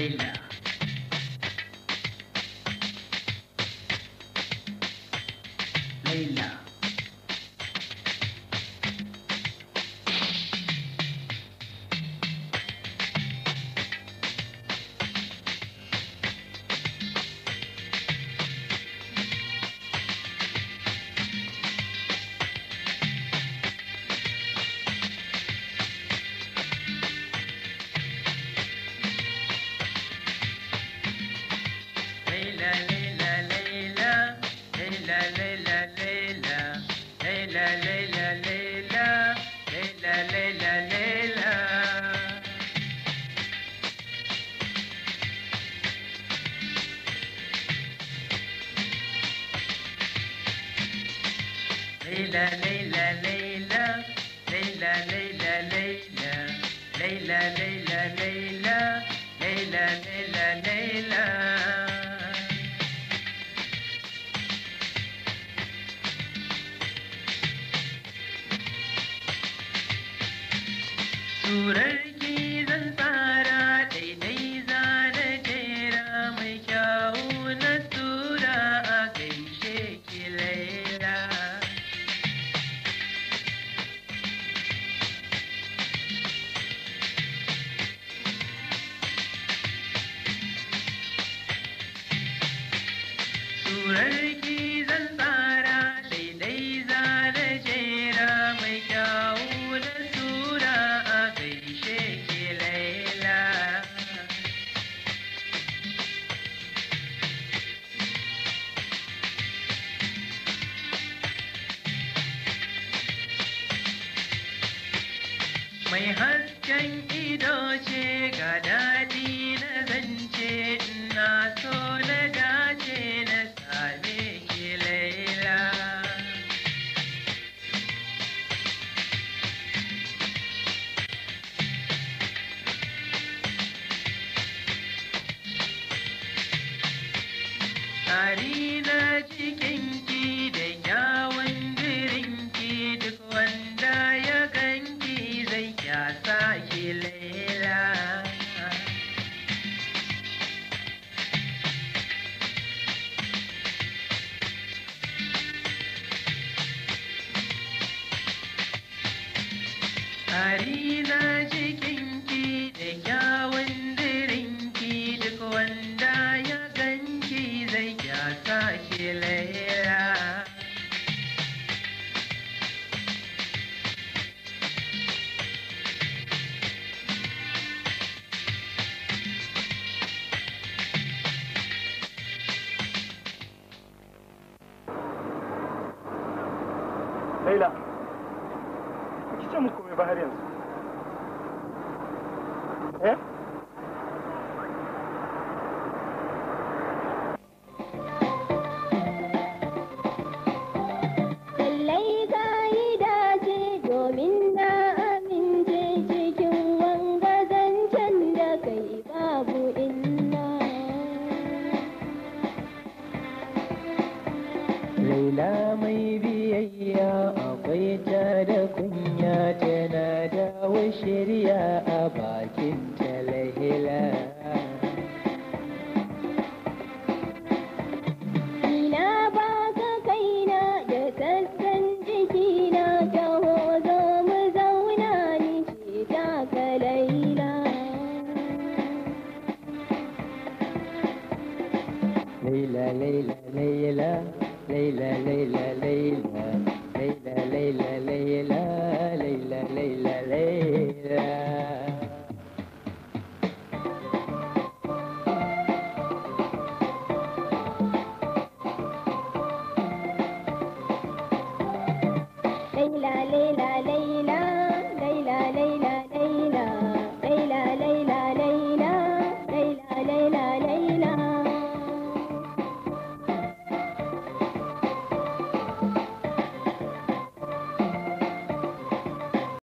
Veila. Leila. ليلى ليلى ليلى ليلى ليلى ليلى Surar ki zan tsara daidai zane jera mai kyawu na tura a gaishe ki laila. Surar ki mai hasken ido ce ga daɗi na zance ina so na dace na same ki laila casa Laila, o que te amo comer, Barreirense? É? akwai ta kunya tana dawo shirya a bakin talahila Layla, Layla, Layla, Layla, Layla, Layla. ليلى ليلى ليلى ليلى ليلى ليلى ليلى ليلى ليلى